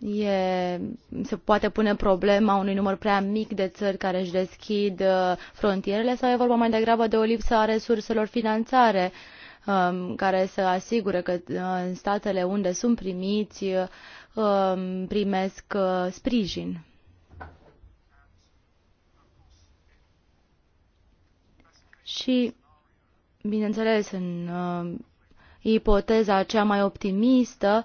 Speaker 4: e, se poate pune problema unui număr prea mic de țări care își deschid frontierele sau e vorba mai degrabă de o lipsă a resurselor finanțare um, care să asigure că în statele unde sunt primiți Um, primesc uh, sprijin. Și, bineînțeles, în um, ipoteza cea mai optimistă,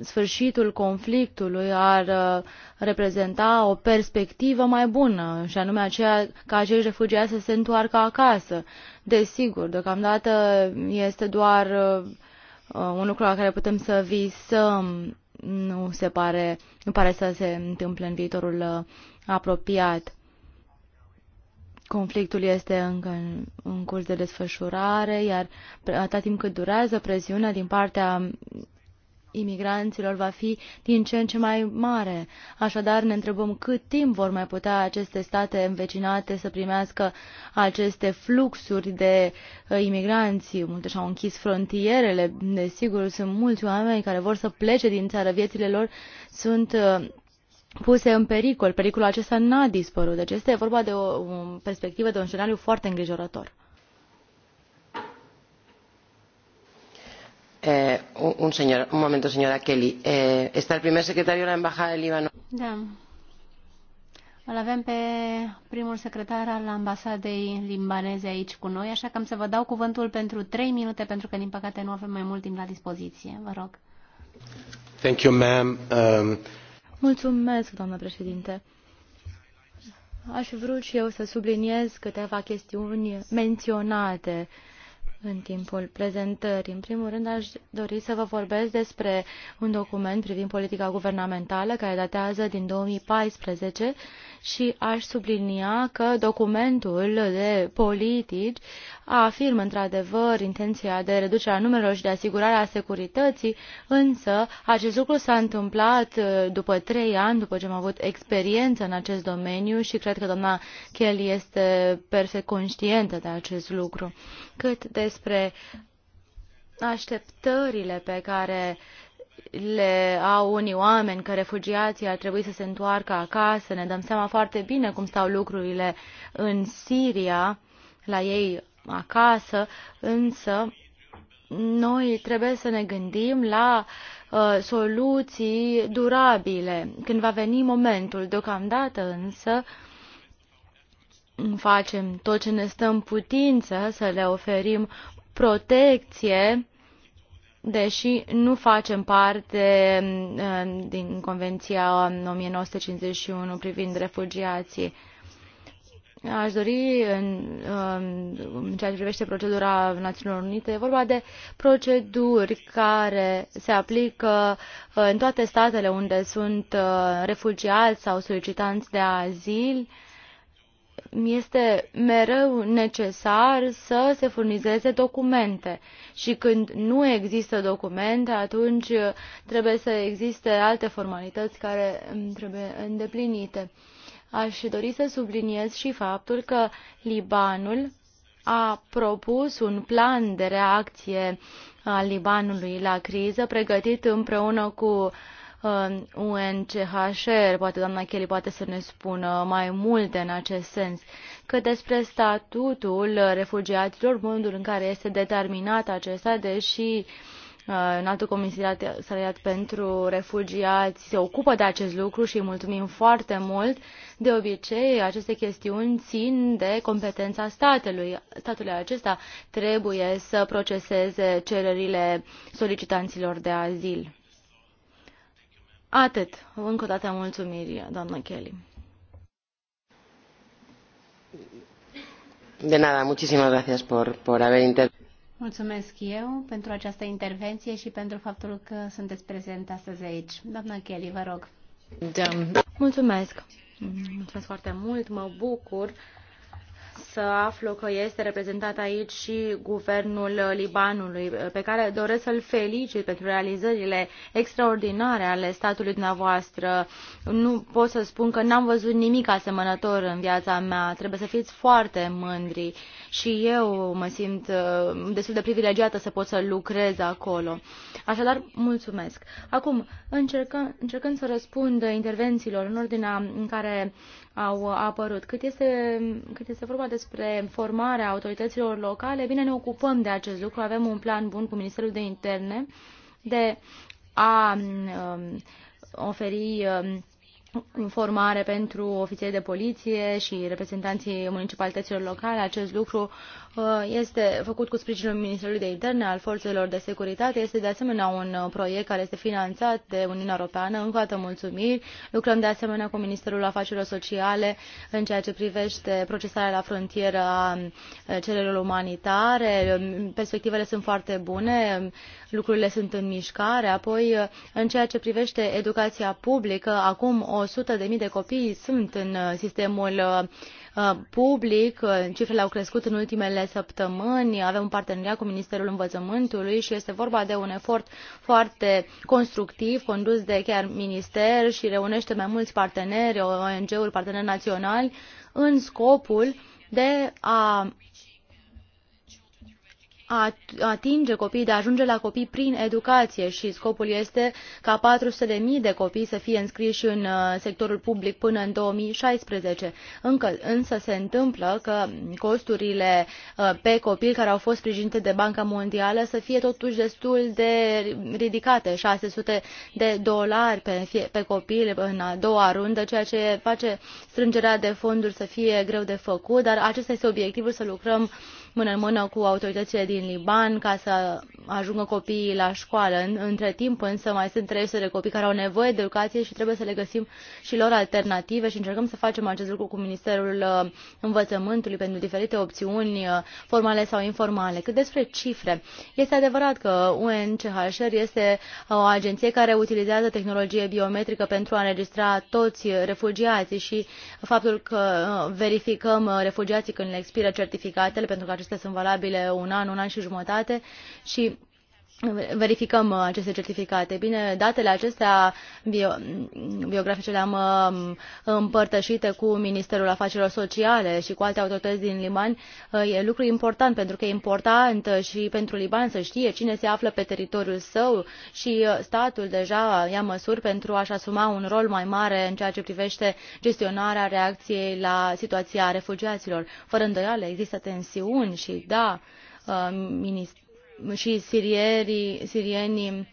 Speaker 4: sfârșitul conflictului ar uh, reprezenta o perspectivă mai bună, și anume aceea ca acești refugiați să se întoarcă acasă. Desigur, deocamdată este doar uh, Uh, un lucru la care putem să visăm nu se pare, nu pare să se întâmple în viitorul uh, apropiat. Conflictul este încă în, în curs de desfășurare, iar atâta timp cât durează presiunea din partea imigranților va fi din ce în ce mai mare. Așadar, ne întrebăm cât timp vor mai putea aceste state învecinate să primească aceste fluxuri de uh, imigranți. Multe și-au închis frontierele. Desigur, sunt mulți oameni care vor să plece din țară. Viețile lor sunt uh, puse în pericol. Pericolul acesta n-a dispărut. Deci este vorba de o perspectivă, de un scenariu foarte îngrijorător.
Speaker 1: Eh, un, señora Kelly. Eh, está el primer secretario de la Embajada del Líbano.
Speaker 2: Da. Îl avem pe primul secretar al ambasadei limbaneze aici cu noi, așa că am să vă dau cuvântul pentru trei minute, pentru că, din păcate, nu avem mai mult timp la dispoziție. Vă rog.
Speaker 3: Thank you, ma'am. Um...
Speaker 4: Mulțumesc,
Speaker 2: doamnă președinte.
Speaker 4: Aș vrea și eu să subliniez câteva chestiuni menționate uh, în timpul prezentării. În primul rând, aș dori să vă vorbesc despre un document privind politica guvernamentală care datează din 2014 și aș sublinia că documentul de politici afirmă într-adevăr intenția de reducere a numerelor și de a securității, însă acest lucru s-a întâmplat uh, după trei ani, după ce am avut experiență în acest domeniu și cred că doamna Kelly este perfect conștientă de acest lucru. Cât despre așteptările pe care le au unii oameni, că refugiații ar trebui să se întoarcă acasă. Ne dăm seama foarte bine cum stau lucrurile în Siria, la ei acasă, însă noi trebuie să ne gândim la uh, soluții durabile când va veni momentul. Deocamdată însă facem tot ce ne stă în putință să le oferim protecție deși nu facem parte um, din Convenția 1951 privind refugiații. Aș dori, în, um, în ceea ce privește procedura Națiunilor Unite, e vorba de proceduri care se aplică uh, în toate statele unde sunt uh, refugiați sau solicitanți de azil este mereu necesar să se furnizeze documente și când nu există documente, atunci trebuie să existe alte formalități care trebuie îndeplinite. Aș dori să subliniez și faptul că Libanul a propus un plan de reacție al Libanului la criză, pregătit împreună cu uh, UNCHR, poate doamna Kelly poate să ne spună mai multe în acest sens, că despre statutul refugiaților, modul în care este determinat acesta, deși uh, înaltul comisariat pentru refugiați se ocupă de acest lucru și îi mulțumim foarte mult. De obicei, aceste chestiuni țin de competența statului. Statul acesta trebuie să proceseze cererile solicitanților de azil. Atât. Încă o dată mulțumiri, doamnă Kelly.
Speaker 1: De nada, muchísimas gracias por, por haber inter...
Speaker 2: Mulțumesc eu pentru această intervenție și pentru faptul că sunteți prezent astăzi aici. Doamna Kelly, vă rog.
Speaker 1: Da. Mulțumesc.
Speaker 4: Mulțumesc
Speaker 2: foarte mult. Mă bucur să aflu că este reprezentat
Speaker 4: aici și guvernul Libanului, pe care doresc să-l felicit pentru realizările extraordinare ale statului dumneavoastră. Nu pot să spun că n-am văzut nimic asemănător în viața mea. Trebuie să fiți foarte mândri și eu mă simt uh, destul de privilegiată să pot să lucrez acolo. Așadar, mulțumesc. Acum, încercăm, încercând să răspund intervențiilor în ordinea în care au apărut. Cât este, cât este vorba despre formarea autorităților locale, bine ne ocupăm de acest lucru. Avem un plan bun cu Ministerul de Interne de a um, oferi um, informare pentru ofițerii de poliție și reprezentanții municipalităților locale. Acest lucru Uh, este făcut cu sprijinul Ministerului de Interne al forțelor de securitate. Este de asemenea un uh, proiect care este finanțat de Uniunea Europeană. Încă o dată mulțumiri. Lucrăm de asemenea cu Ministerul Afacerilor Sociale în ceea ce privește procesarea la frontieră a uh, cererilor umanitare. Um, perspectivele sunt foarte bune, um, lucrurile sunt în mișcare. Apoi, în ceea ce privește educația publică, acum 100.000 de copii sunt în sistemul Uh, public, uh, cifrele au crescut în ultimele săptămâni, avem un parteneriat cu Ministerul Învățământului și este vorba de un efort foarte constructiv, condus de chiar minister și reunește mai mulți parteneri, ONG-uri, parteneri naționali, în scopul de a a atinge copiii, de a ajunge la copii prin educație și scopul este ca 400.000 de copii să fie înscriși în uh, sectorul public până în 2016. Încă, însă se întâmplă că costurile uh, pe copil care au fost sprijinite de Banca Mondială să fie totuși destul de ridicate, 600 de dolari pe, pe copil în a doua rundă, ceea ce face strângerea de fonduri să fie greu de făcut, dar acesta este obiectivul să lucrăm mână în mână cu autoritățile din Liban ca să ajungă copiii la școală. Între timp însă mai sunt 300 de copii care au nevoie de educație și trebuie să le găsim și lor alternative și încercăm să facem acest lucru cu Ministerul uh, Învățământului pentru diferite opțiuni uh, formale sau informale. Cât despre cifre, este adevărat că UNCHR este uh, o agenție care utilizează tehnologie biometrică pentru a înregistra toți refugiații și faptul că verificăm refugiații când le expiră certificatele pentru că acestea sunt valabile un an, un an și jumătate și verificăm uh, aceste certificate. Bine, datele acestea bio, biografice le-am uh, împărtășite cu Ministerul Afacerilor Sociale și cu alte autorități din Liban. Uh, e lucru important pentru că e important și pentru Liban să știe cine se află pe teritoriul său și statul deja ia măsuri pentru a-și asuma un rol mai mare în ceea ce privește gestionarea reacției la situația refugiaților. Fără îndoială există tensiuni și da, ministrul și sirierii, sirienii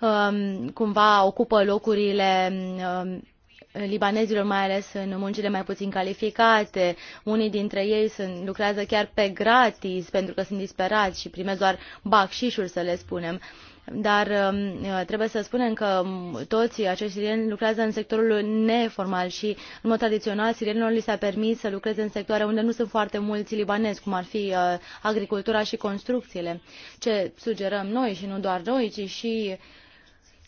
Speaker 4: um, cumva ocupă locurile um, libanezilor, mai ales în muncile mai puțin calificate. Unii dintre ei sunt, lucrează chiar pe gratis pentru că sunt disperați și primesc doar bacșișuri, să le spunem. Uh, dar um, uh, trebuie să spunem că um, toți acești sirieni lucrează în sectorul neformal și în mod tradițional sirienilor li s a permis să lucreze în sectoare unde nu sunt foarte mulți libanezi cum ar fi uh, agricultura și construcțiile. ce sugerăm noi și nu doar noi ci și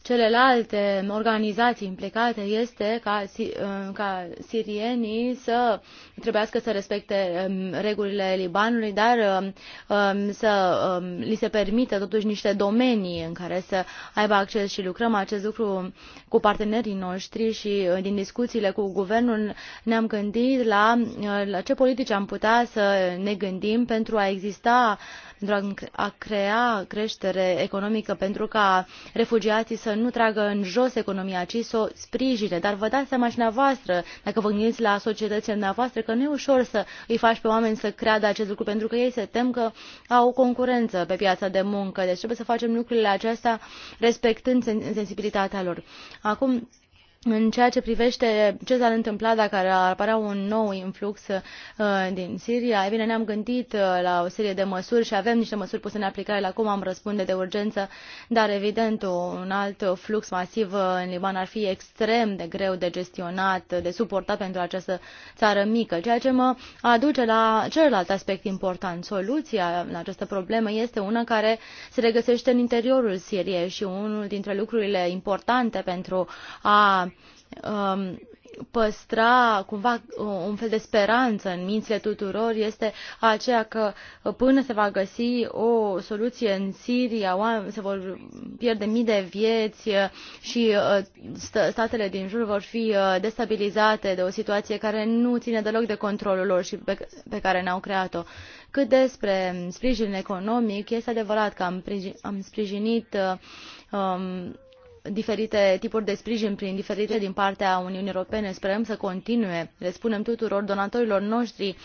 Speaker 4: celelalte organizații implicate este ca, uh, ca sirienii să trebuiască să respecte um, regulile Libanului, dar um, um, să li se permită totuși niște domenii în care să aibă acces și lucrăm acest lucru cu partenerii noștri și uh, din discuțiile cu guvernul ne-am gândit la, uh, la ce politici am putea să ne gândim pentru a exista pentru a crea creștere economică, pentru ca refugiații să nu tragă în jos economia, ci să o sprijine. Dar vă dați seama și dumneavoastră, dacă vă gândiți la societățile dumneavoastră, că nu e ușor să îi faci pe oameni să creadă acest lucru, pentru că ei se tem că au concurență pe piața de muncă. Deci trebuie să facem lucrurile acestea respectând sensibilitatea lor. Acum, în ceea ce privește ce s-ar întâmpla dacă ar apărea un nou influx uh, din Siria, e bine, ne-am gândit uh, la o serie de măsuri și avem niște măsuri puse în aplicare la cum am răspunde de urgență, dar evident un alt flux masiv uh, în Liban ar fi extrem de greu de gestionat, de suportat pentru această țară mică, ceea ce mă aduce la celălalt aspect important. Soluția la această problemă este una care se regăsește în interiorul Siriei și unul dintre lucrurile importante pentru a um, păstra cumva uh, un fel de speranță în mințile tuturor este aceea că până se va găsi o soluție în Siria, se vor pierde mii de vieți uh, și uh, statele din jur vor fi destabilizate de o situație care nu ține deloc de controlul lor și pe care ne-au creat-o. Cât despre sprijin economic, este adevărat că am, sprijinit um, diferite tipuri de sprijin prin diferite din partea Uniunii Europene. Sperăm să continue. Le spunem tuturor donatorilor noștri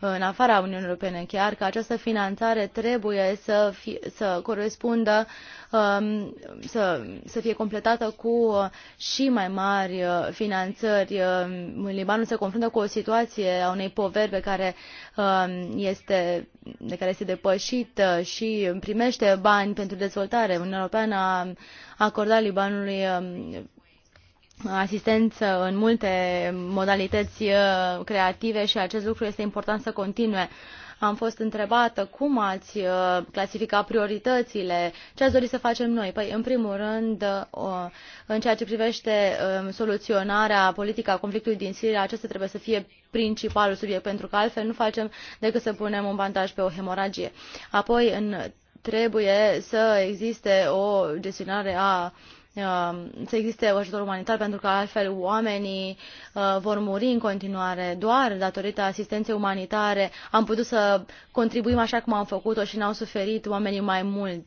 Speaker 4: în afara Uniunii Europene chiar că această finanțare trebuie să, fie, să corespundă, um, să, să fie completată cu și mai mari uh, finanțări. Um, Libanul se confruntă cu o situație a unei poveri pe care um, este, de care este depășită și primește bani pentru dezvoltare. Uniunea Europeană a acorda Libanului um, asistență în multe modalități uh, creative și acest lucru este important să continue. Am fost întrebată cum ați uh, clasifica prioritățile, ce ați dori să facem noi. Păi, în primul rând, uh, în ceea ce privește um, soluționarea politică a conflictului din Siria, acesta trebuie să fie principalul subiect, pentru că altfel nu facem decât să punem un bandaj pe o hemoragie. Apoi, în trebuie să existe o gestionare a să existe o ajutor umanitar pentru că altfel oamenii vor muri în continuare. Doar datorită asistenței umanitare am putut să contribuim așa cum am făcut-o și n-au suferit oamenii mai mult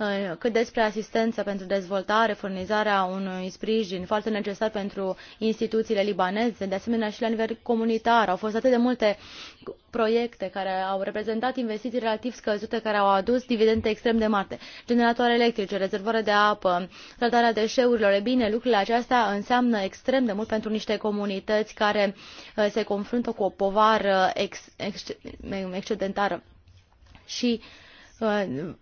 Speaker 4: Uh, cât despre asistență pentru dezvoltare, furnizarea unui sprijin foarte necesar pentru instituțiile libaneze, de asemenea și la nivel comunitar. Au fost atât de multe proiecte care au reprezentat investiții relativ scăzute, care au adus dividende extrem de mari. Generatoare electrice, rezervoare de apă, tratarea deșeurilor. E bine, lucrurile acestea înseamnă extrem de mult pentru niște comunități care uh, se confruntă cu o povară ex, ex, excedentară. Și uh,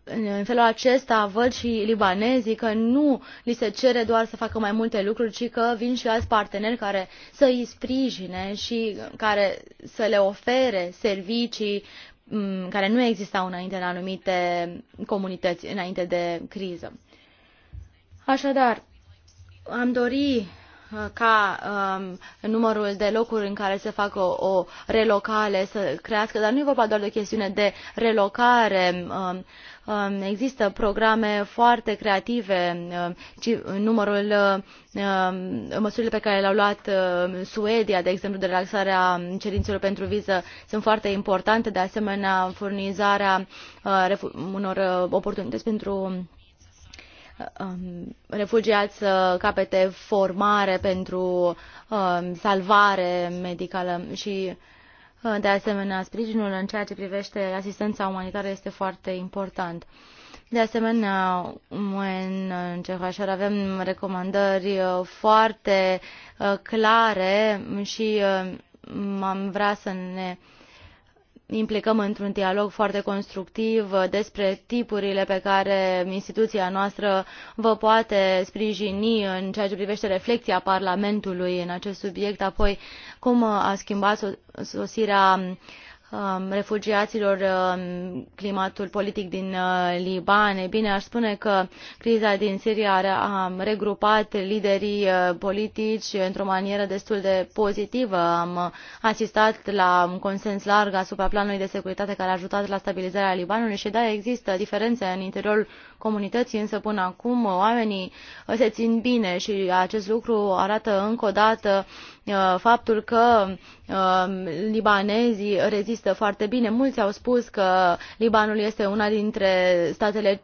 Speaker 4: în felul acesta văd și libanezii că nu li se cere doar să facă mai multe lucruri, ci că vin și alți parteneri care să îi sprijine și care să le ofere servicii mm, care nu existau înainte în anumite comunități, înainte de criză. Așadar, am dori ca um, numărul de locuri în care se facă o, o relocare să crească, dar nu e vorba doar de o chestiune de relocare. Um, um, există programe foarte creative, um, numărul, um, măsurile pe care le-au luat um, Suedia, de exemplu, de relaxarea cerințelor pentru viză, sunt foarte importante, de asemenea, furnizarea uh, unor uh, oportunități pentru Um, refugiați să uh, capete formare pentru um, salvare medicală și uh, de asemenea sprijinul în ceea ce privește asistența umanitară este foarte important. De asemenea, în CHR avem recomandări uh, foarte clare și am vrea să ne implicăm într un dialog foarte constructiv uh, despre tipurile pe care instituția noastră vă poate sprijini în ceea ce privește reflecția parlamentului în acest subiect apoi cum uh, a schimbat sosirea um, Um, refugiaților, um, climatul politic din uh, Liban. E bine, aș spune că criza din Siria a um, regrupat liderii uh, politici într-o manieră destul de pozitivă. Am uh, asistat la un consens larg asupra planului de securitate care a ajutat la stabilizarea Libanului și da, există diferențe în interiorul comunității, însă până acum oamenii uh, se țin bine și acest lucru arată încă o dată uh, faptul că uh, libanezii rezistă foarte bine. Mulți au spus că Libanul este una dintre statele,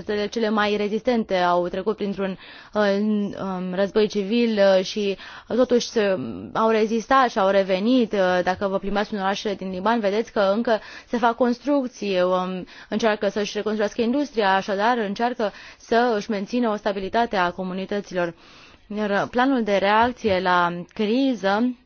Speaker 4: statele cele mai rezistente, au trecut printr-un um, război civil și totuși au rezistat și au revenit. Dacă vă plimbați în orașele din Liban, vedeți că încă se fac construcții, um, încearcă să-și reconstruiască industria, așadar dar încearcă să își mențină o stabilitate a comunităților. Planul de reacție la criză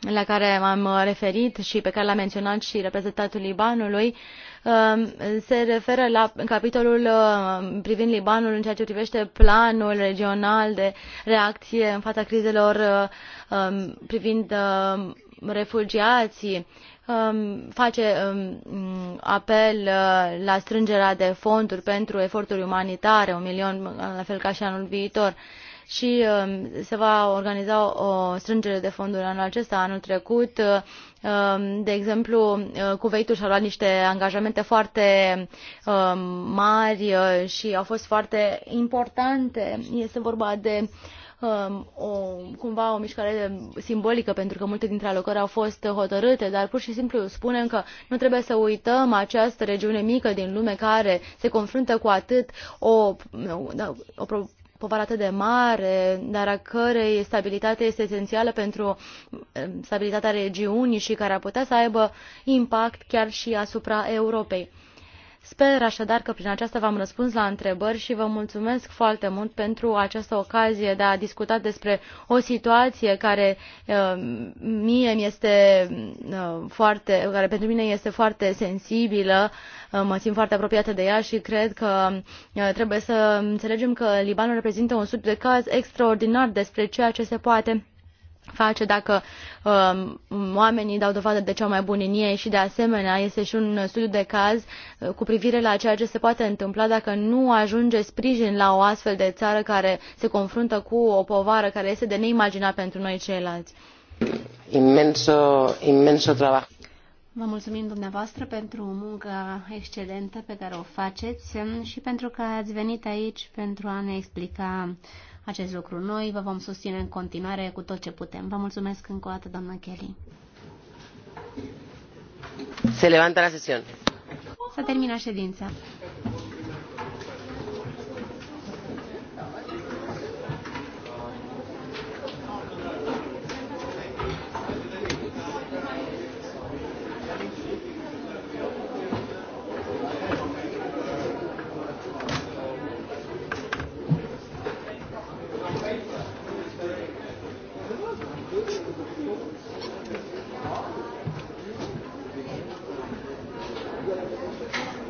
Speaker 4: la care m-am referit și pe care l-a menționat și reprezentantul Libanului, um, se referă la capitolul um, privind Libanul în ceea ce privește planul regional de reacție în fața crizelor uh, um, privind uh, refugiații Um, face um, apel uh, la strângerea de fonduri pentru eforturi umanitare, un milion, uh, la fel ca și anul viitor și um, se va organiza o strângere de fonduri anul acesta. Anul trecut, uh, de exemplu, Cuveitul și-a luat niște angajamente foarte mari și au fost foarte importante. Este vorba de um, o, cumva o mișcare simbolică, pentru că multe dintre alocări au fost hotărâte, dar pur și simplu spunem că nu trebuie să uităm această regiune mică din lume care se confruntă cu atât o, da, o, o povară atât de mare, dar a cărei stabilitate este esențială pentru um, stabilitatea regiunii și care ar putea să aibă impact chiar și asupra Europei. Sper așadar că prin aceasta v-am răspuns la întrebări și vă mulțumesc foarte mult pentru această ocazie de a discuta despre o situație care uh, mie mi este uh, foarte, care pentru mine este foarte sensibilă, uh, mă simt foarte apropiată de ea și cred că trebuie să înțelegem că Libanul reprezintă un studiu de caz extraordinar despre ceea ce se poate face dacă um, oamenii dau dovadă de cea mai bună linie și de asemenea este și un studiu de caz uh, cu privire la ceea ce se poate întâmpla dacă nu ajunge sprijin la o astfel de țară care se confruntă cu o povară care este de neimaginat pentru noi ceilalți.
Speaker 1: Imenso, imenso trabajo.
Speaker 2: Vă mulțumim dumneavoastră pentru munca excelentă pe care o faceți și pentru că ați venit aici pentru a ne explica acest lucru. Noi vă vom susține în continuare cu tot ce putem. Vă mulțumesc încă o dată, doamna
Speaker 1: Kelly. Se levantă la sesiune. S-a
Speaker 2: terminat ședința.